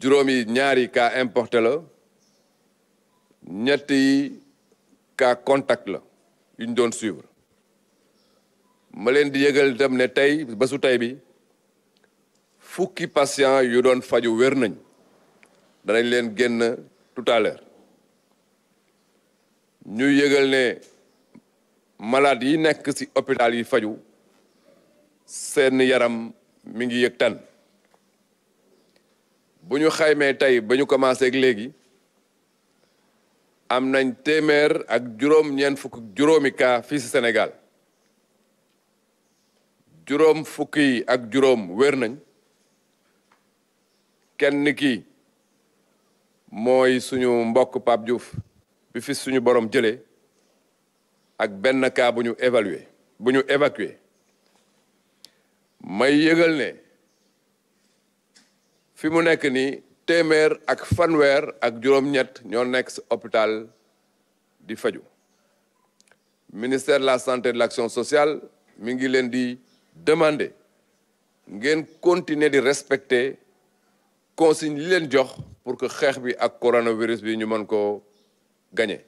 juróomi ñaari kaa importé la ñett yi cas contact la yu ñu doon suivre ma leen di yëgal itam ne tey bésu tey bi fukki patient yu doon faju wér nañ danañ leen génn tout à ñu yëgal ne malade yi nekk ci hôpital yi faju seen yaram mi ngi yëg tan bu ñu tay qui commencé ak légui am nañ témèr ak juróom ñen fuk ka fi ci Sénégal ak wër nañ kenn ki qui suñu mbokk borom jëlé ak benn ka buñu évaluer, évalué fi mu nekk nii téeméer ak fanweer ak ñett ñoo hôpital di faju ministère de la santé et de l'action sociale mi demandé leen di continuer di respecter consigne li pour que xeex bi ak coronavirus bi ñu mën gagner